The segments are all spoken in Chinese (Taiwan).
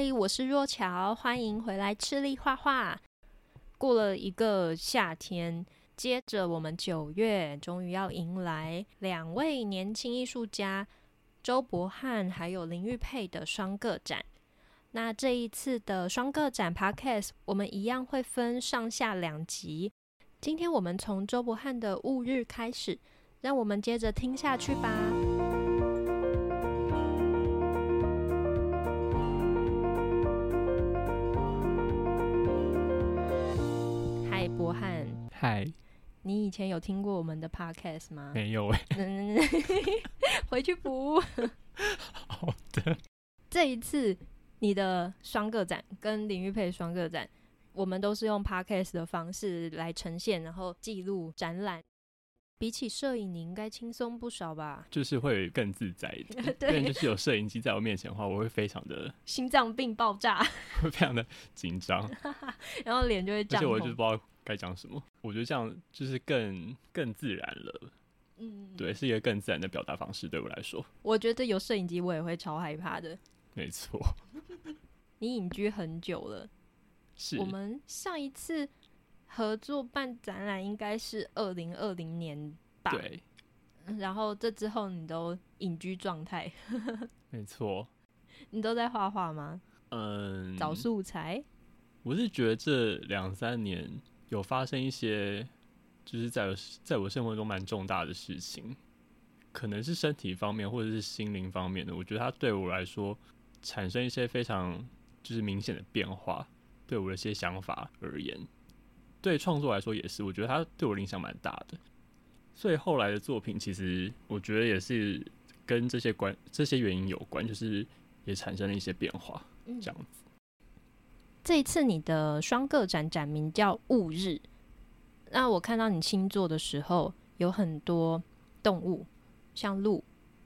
嗨，我是若喬，歡迎回來赤粒話畫。過了一個夏天，接着我們九月終於要迎來兩位年輕藝術家周柏翰還有林玉佩的雙個展。那這一次的雙個展 Podcast，我們一樣會分上下兩集。今天我們從周柏翰的《霧日》開始，讓我們接着聽下去吧。嗨，你以前有聽過我們的 podcast 嗎？沒有哎， 回去補。好的。這一次你的雙個展跟林玉佩雙個展，我們都是用 podcast 的方式來呈現，然後記錄展覽。比起攝影，你應該輕鬆不少吧？就是會更自在一點。 對。就是有攝影機在我面前的話，我會非常的心臟病爆炸， 我會非常的緊張， 然後臉就會炸，而且我就該講什麼？我覺得這樣就是更更自然了。嗯，對，是一個更自然的表達方式。對我來說，我覺得有攝影機我也會超害怕的。沒錯， 你隱居很久了。是，我們上一次合作辦展覽應該是二零二零年吧？對。然後這之後你都隱居狀態。 沒錯。你都在畫畫嗎？嗯。找素材。我是覺得這兩三年，有發生一些，就是在我在我生活中蠻重大的事情，可能是身體方面或者是心靈方面的。我覺得它對我來說產生一些非常就是明顯的變化，對我的一些想法而言，對創作來說也是。我覺得它對我影響蠻大的，所以後來的作品其實我覺得也是跟這些關這些原因有關，就是也產生了一些變化，這樣子。這一次你的雙個展展名叫「霧日」，那我看到你新作的時候，有很多動物，像鹿、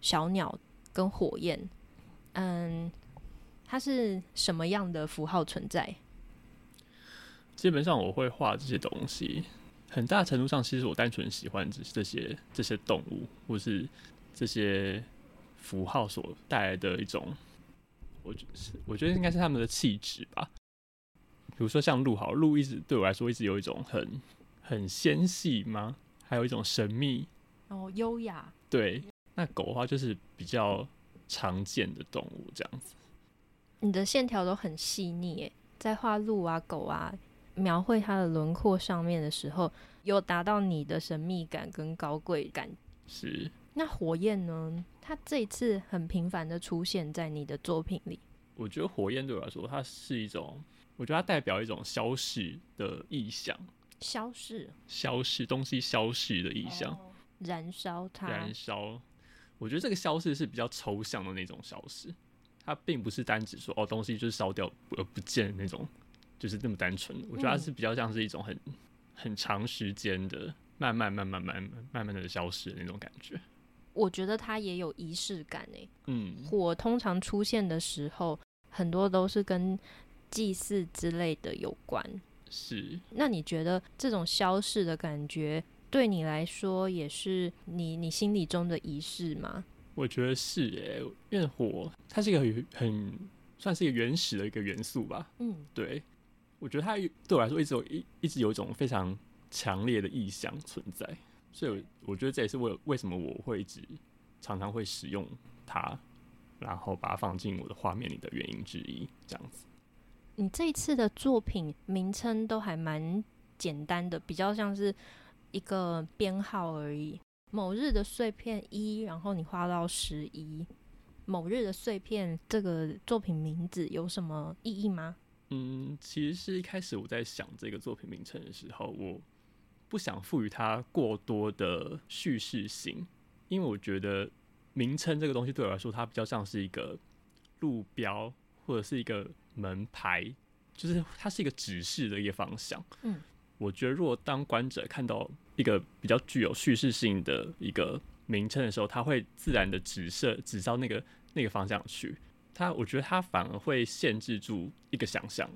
小鳥跟火焰，嗯，它是什麼樣的符號存在？基本上我會畫這些東西，很大程度上其實我單純喜歡這這些這些動物或是這些符號所帶來的一種，我覺得我覺得應該是他們的氣質吧。比如說像鹿好，好鹿一直對我來說一直有一種很很纖細嗎？還有一種神秘哦，優雅對。那狗的話就是比較常見的動物，這樣子。你的線條都很細膩誒,在畫鹿啊、狗啊，描繪它的輪廓上面的時候，有達到你的神秘感跟高貴感是。那火焰呢？它這一次很頻繁的出現在你的作品裡。我覺得火焰對我來說，它是一種，我覺得它代表一種消逝的意象。消逝，消逝，東西消逝的意象。哦，燃燒它，燃燒。我覺得這個消逝是比較抽象的那種消逝，它並不是單指說哦，東西就是燒掉而不，不見的那種，就是那麼單純，嗯。我覺得它是比較像是一種很很長時間的，慢，慢慢慢慢慢慢慢的消失的那種感覺。我覺得它也有儀式感哎，嗯，火通常出現的時候，很多都是跟祭祀之類的有關。是，那你覺得這種消逝的感覺，對你來說也是你你心裡中的儀式嗎？我覺得是耶，因為火它是一個很很算是一個原始的一個元素吧。嗯，對，我覺得它對我來說一直有一一直有一種非常強烈的意象存在。所以我覺得這也是為為什麼我會一直常常會使用它，然後把它放進我的畫面裡的原因之一。這樣子，你這次的作品名稱都還蠻簡單的，比較像是一個編號而已。某日的碎片一，然後你畫到十一，某日的碎片這個作品名字有什麼意義嗎？嗯，其實是一開始我在想這個作品名稱的時候，我。不想賦予它過多的敘事性，因為我覺得名稱這個東西對我來說，它比較像是一個路標或者是一個門牌，就是它是一個指示的一個方向。嗯，我覺得如果當觀者看到一個比較具有敘事性的一個名稱的時候，他會自然的指示指向那個那個方向去。他我覺得他反而會限制住一個想象。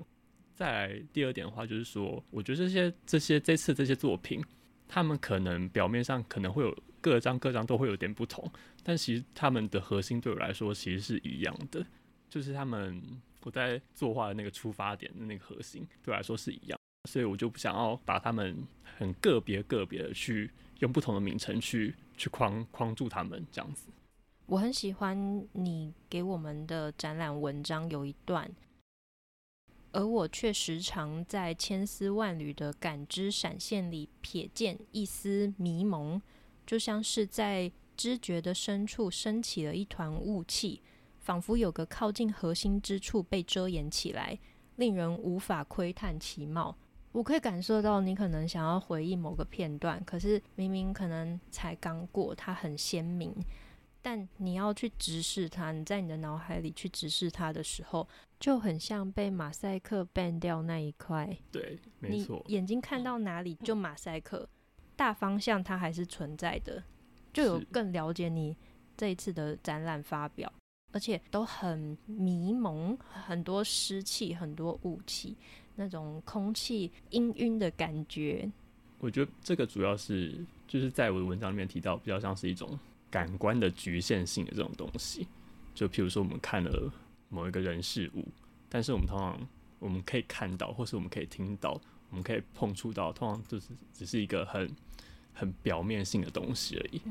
再來第二點的話，就是說，我覺得這些這些這次這些作品，他們可能表面上可能會有各張各張都會有點不同，但其實他們的核心對我來說其實是一樣的，就是他們我在作畫的那個出發點的那個核心對我來說是一樣，所以我就不想要把他們很個別個別的去用不同的名稱去去框框住他們這樣子。我很喜歡你給我們的展覽文章有一段。而我卻時常在千絲萬縷的感知閃現裡瞥見一絲迷蒙，就像是在知覺的深處升起了一團霧氣，仿佛有個靠近核心之處被遮掩起來，令人無法窺探其貌。我可以感受到你可能想要回憶某個片段，可是明明可能才剛過，它很鮮明。但你要去直視它，你在你的腦海裡去直視它的時候，就很像被馬賽克 ban 掉那一塊。對，沒錯，眼睛看到哪裡就馬賽克，嗯，大方向它還是存在的，就有更了解你這一次的展覽發表，而且都很迷濛，很多濕氣，很多霧氣，那種空氣氤氳的感覺。我覺得這個主要是就是在我的文章裡面提到，比較像是一種。感官的侷限性的這種東西，就譬如說，我們看了某一個人事物，但是我們通常我們可以看到，或是我們可以聽到，我們可以碰觸到，通常就是只是一個很很表面性的東西而已。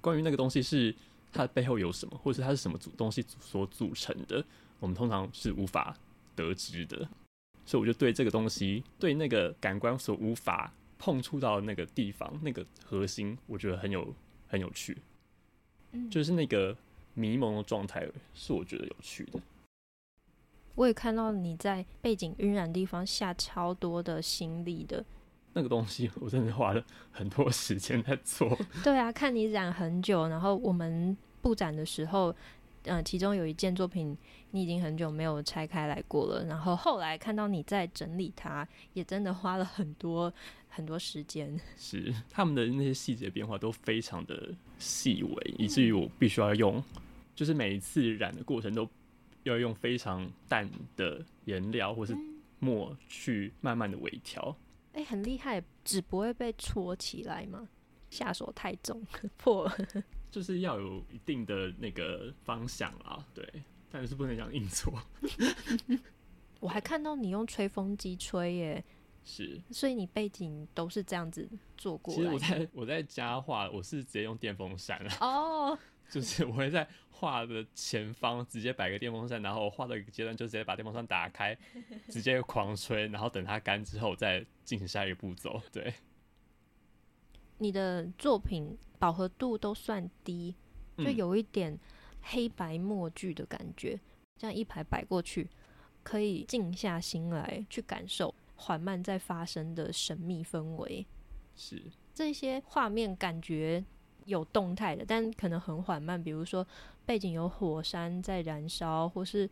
關於那個東西是它背後有什麼，或者是它是什麼組東西所組成的，我們通常是無法得知的。所以，我就對這個東西，對那個感官所無法碰觸到的那個地方，那個核心，我覺得很有很有趣。就是那個迷濛的狀態是我覺得有趣的。我也看到你在背景暈染地方下超多的心力的。那個東西，我真的花了很多時間在做。對啊，看你染很久，然後我們布展的時候。嗯，其中有一件作品，你已經很久沒有拆開來過了。然後後來看到你在整理它，也真的花了很多很多時間。是，他們的那些細節變化都非常的細微、嗯，以至於我必須要用，就是每一次染的過程都要用非常淡的顏料或是墨去慢慢的微調。哎、嗯，很厲害，紙不會被戳起來嗎？下手太重破。就是要有一定的那個方向啊，對，但是不能這樣硬做。 我還看到你用吹風機吹耶，是，所以你背景都是這樣子做過的。其實我在我在家畫，我是直接用電風扇啊。哦、oh.，就是我會在畫的前方直接擺個電風扇，然後畫到一個階段就直接把電風扇打開，直接狂吹，然後等它乾之後再進行下一個步驟。對，你的作品，飽和度都算低，就有一點黑白默劇的感覺。嗯，這樣一排擺過去，可以靜下心來去感受緩慢在發生的神秘氛圍。是，這些畫面感覺有動態的，但可能很緩慢。比如說背景有火山在燃燒，或是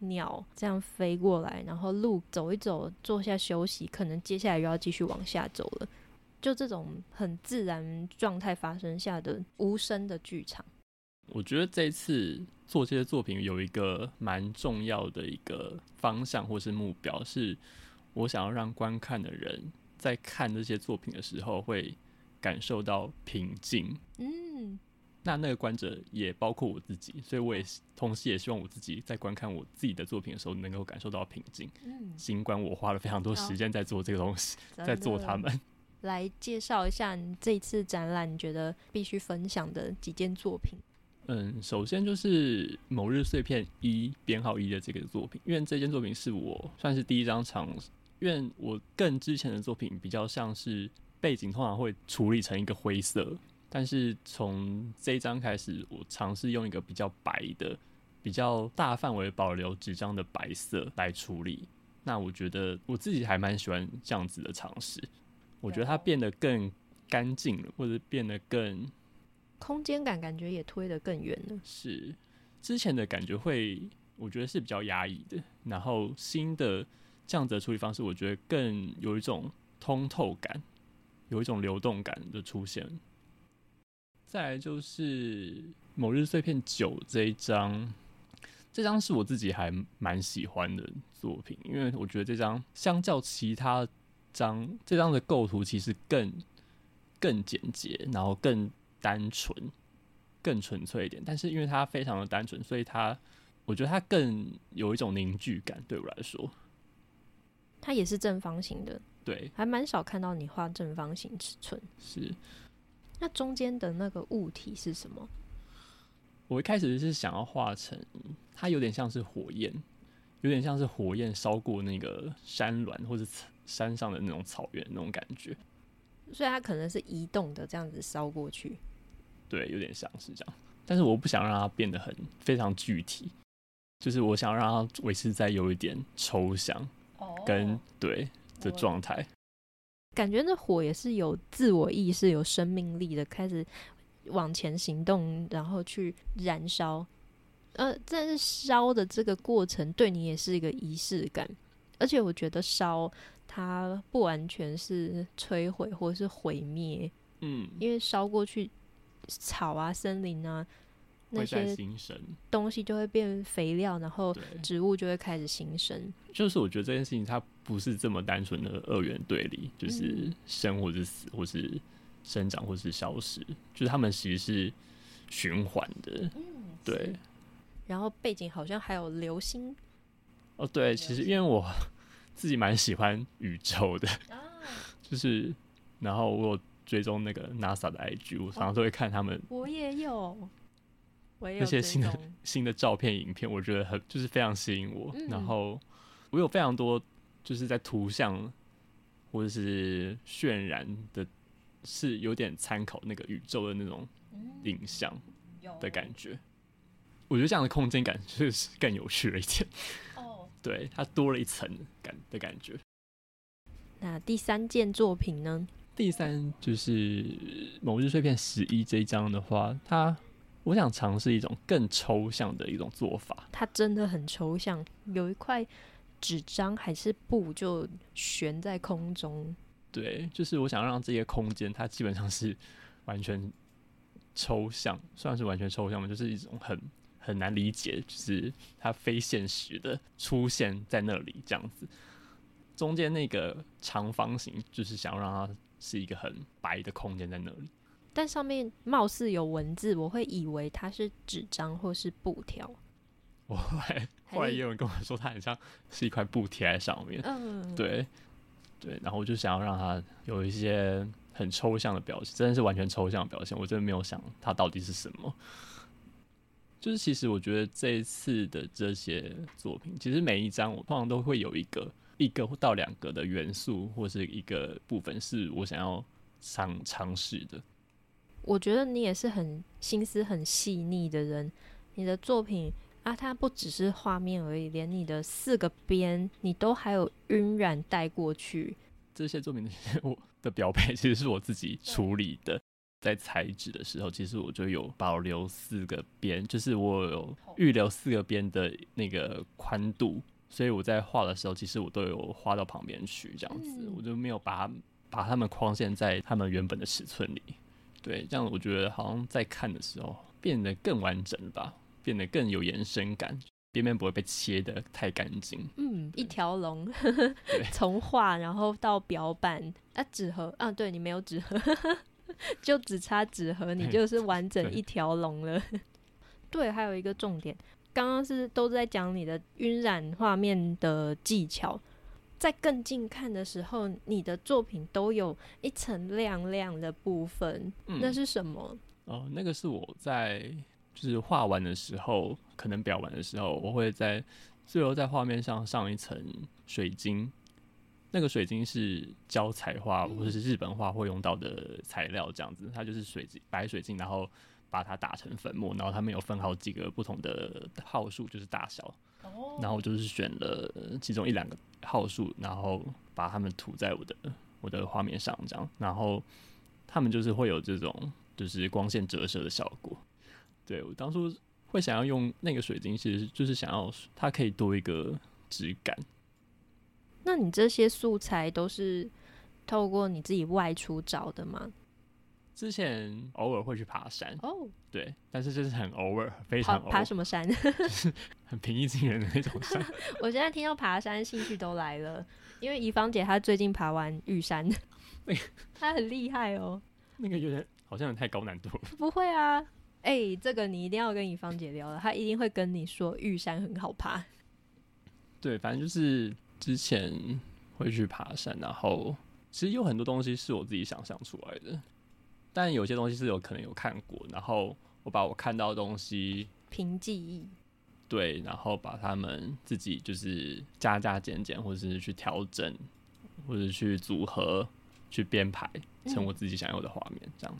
鳥這樣飛過來，然後路走一走，坐下休息，可能接下來又要繼續往下走了。就這種很自然狀態發生下的無聲的劇場。我覺得這次做這些作品有一個蠻重要的一個方向或是目標，是我想要讓觀看的人在看這些作品的時候會感受到平靜。嗯，那那個觀者也包括我自己，所以我也同時也希望我自己在觀看我自己的作品的時候能夠感受到平靜。嗯，儘管我花了非常多時間在做這個東西，哦、 在做他們。來介紹一下你這一次展覽，你覺得必須分享的幾件作品。嗯，首先就是《某日碎片一編號一》的這個作品，因為這件作品是我算是第一張嘗試，因為我更之前的作品比較像是背景通常會處理成一個灰色，但是從這一張開始，我嘗試用一個比較白的、比較大範圍保留紙張的白色來處理。那我覺得我自己還蠻喜歡這樣子的嘗試。我覺得它變得更乾淨了，或者變得更空間感，感覺也推得更遠了。是之前的感覺會，我覺得是比較壓抑的。然後新的這樣子的處理方式，我覺得更有一種通透感，有一種流動感的出現。再來就是《某日碎片九》這一張，這張是我自己還蠻喜歡的作品，因為我覺得這張相較其他，張這張的構圖其實更更簡潔，然後更單純，更純粹一點。但是因為它非常的單純，所以它，我覺得它更有一種凝聚感。對我來說，它也是正方形的，對，還蠻少看到你畫正方形尺寸。是，那中間的那個物體是什麼？我一開始是想要畫成，它有點像是火焰。有點像是火焰燒過那個山巒或者山上的那種草原，那種感覺，所以它可能是移動的，這樣子燒過去。對，有點像是這樣，但是我不想讓它變得很非常具體，就是我想讓它維持在有一點抽象跟、oh. 對的狀態。感覺那火也是有自我意識、有生命力的，開始往前行動，然後去燃燒。呃，但是燒的這個過程對你也是一個儀式感，而且我覺得燒它不完全是摧毀或者是毀滅，嗯，因為燒過去草啊、森林啊那些東西就會變肥料，然後植物就會開始新生。就是我覺得這件事情它不是這麼單純的二元對立，就是生或是死，或是生長或是消失，就是它們其實是循環的，對。嗯然後背景好像還有流星哦，對，其實因為我自己蠻喜歡宇宙的，啊、就是然後我有追蹤那個 NASA 的 IG，我常常都會看他們。我也有，我也有那些新的新的照片、影片，我覺得很就是非常吸引我，嗯。然後我有非常多就是在圖像或者是渲染的，是有點參考那個宇宙的那種影像的感覺。嗯我覺得這樣的空間感就是更有趣了一點。哦、oh，對，它多了一層感的感覺。那第三件作品呢？第三就是《某日碎片十一》這一張的話，它我想嘗試一種更抽象的一種做法。它真的很抽象，有一塊紙張還是布就懸在空中。對，就是我想讓這些空間，它基本上是完全抽象，算是完全抽象嘛，就是一種很。很難理解，就是它非現實的出現在那裡，這樣子。中間那個長方形，就是想要讓它是一個很白的空間在那裡。但上面貌似有文字，我會以為它是紙張或是布條。我後來，後來也有人跟我說，它很像是一塊布貼在上面。嗯，對，對。然後我就想要讓它有一些很抽象的表現，真的是完全抽象的表現。我真的沒有想它到底是什麼。就是其實我覺得這一次的這些作品，其實每一張我通常都會有一個一個或到兩個的元素，或是一個部分是我想要嘗嘗試的。我覺得你也是很心思很細膩的人，你的作品啊，它不只是畫面而已，連你的四個邊你都還有暈染帶過去。這些作品的我的表皮其實是我自己處理的。在裁紙的時候，其實我就有保留四個邊，就是我有預留四個邊的那個寬度，所以我在畫的時候，其實我都有畫到旁邊去，這樣子，嗯，我就沒有把把它們框限在他們原本的尺寸裡。對，這樣我覺得好像在看的時候變得更完整吧，變得更有延伸感，邊邊不會被切得太乾淨。嗯，一條龍，從 畫然後到表板啊，紙盒啊，對你沒有紙盒。 就只差紙盒，嗯，你就是完整一條龍了。對， 對，還有一個重點，剛剛是都在講你的暈染畫面的技巧，在更近看的時候，你的作品都有一層亮亮的部分，嗯、那是什麼？哦、呃，那個是我在就是畫完的時候，可能裱完的時候，我會在最後在畫面上上一層水晶。那個水晶是膠彩畫或者是日本畫會用到的材料，這樣子，它就是水晶白水晶，然後把它打成粉末，然後他們有分好幾個不同的號數，就是大小，然後我就是選了其中一兩個號數，然後把它們塗在我的我的畫面上，這樣，然後他們就是會有這種就是光線折射的效果。對，我當初會想要用那個水晶，其實就是想要它可以多一個質感。那你這些素材都是透過你自己外出找的嗎？之前偶爾會去爬山哦，oh. 對，但是就是很偶爾，非常偶爬什麼山？ 就是很平易近人的那種山。 我現在聽到爬山興趣都來了， 因為怡芳姐她最近爬完玉山，那個、她很厲害哦，那個有點好像太高難度了。不會啊，哎、欸，這個你一定要跟怡芳姐聊了，她一定會跟你說玉山很好爬。對，反正就是。之前會去爬山，然後其實有很多東西是我自己想象出來的，但有些東西是有可能有看過，然後我把我看到的東西憑記憶，對，然後把他們自己就是加加減減，或者是去調整，或者去組合，去編排成我自己想要的畫面，嗯，這樣子。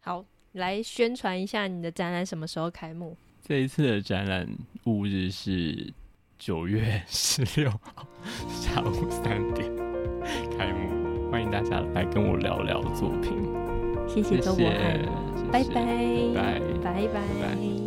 好，來宣傳一下你的展覽什麼時候開幕？這一次的展覽霧日是。九月十六號下午三點開幕，歡迎大家來跟我聊聊作品。謝謝，周柏翰，謝謝，拜拜，拜拜，拜拜。